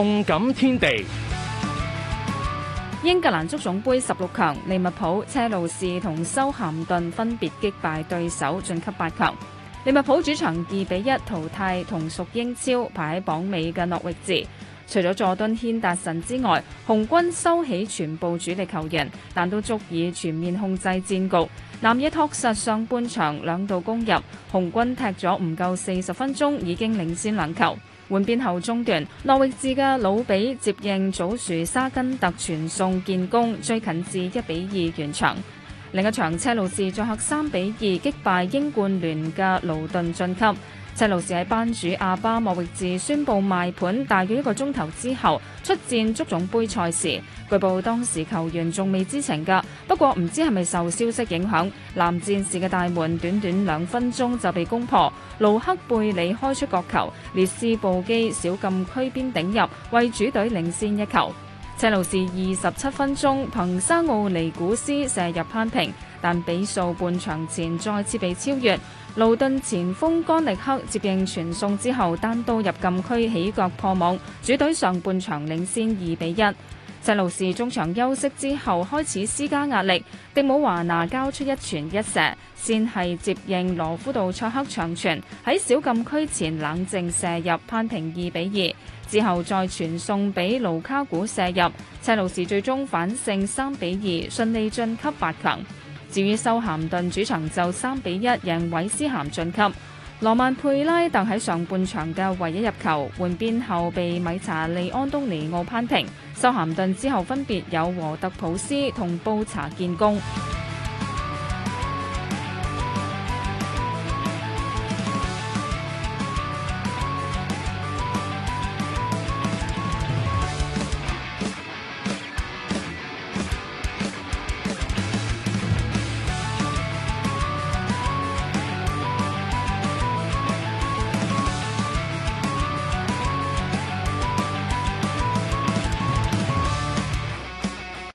動感天地，英格蘭足總杯十六強，利物浦、車路士同修咸頓分別擊敗對手晉級八強。利物浦主場二比一淘汰同屬英超排喺榜尾嘅諾域治。除咗佐敦軒達臣之外，紅軍收起全部主力球員，但都足以全面控制戰局。南野拓實上半場兩度攻入，紅軍踢咗唔夠四十分鐘已經領先兩球。換邊後中段，諾域治嘅魯比接應祖樹沙根特傳送建功，追近至一比二完場。另一場車路士作客三比二擊敗英冠聯嘅盧頓晉級，車路士喺班主阿巴莫域治宣布賣盤大約一個鐘頭之後出戰足總杯賽事，據報當時球員仲未知情噶，不過唔知係咪受消息影響，藍戰士嘅大門短短兩分鐘就被攻破，盧克貝里開出角球，列斯布基小禁區邊頂入，為主隊領先一球。車路士二十七分鐘，憑沙奧尼古斯射入扳平，但比數半場前再次被超越。盧頓前鋒干歷克接應傳送之後，單刀入禁區起腳破網，主隊上半場領先二比一。車路士中場休息之後開始施加壓力，迪姆華拿交出一傳一射，先係接應羅夫道賽克長傳喺小禁區前冷靜射入，扳平二比二。之後再傳送俾盧卡古射入，車路士最終反勝三比二，順利晉級八強。至於修咸頓主場就三比一贏韋斯咸晉級。羅曼佩拉特喺上半場嘅唯一入球，換邊後被米查利安東尼奧扳平。修咸頓之後分別有禾特普斯同布查建功。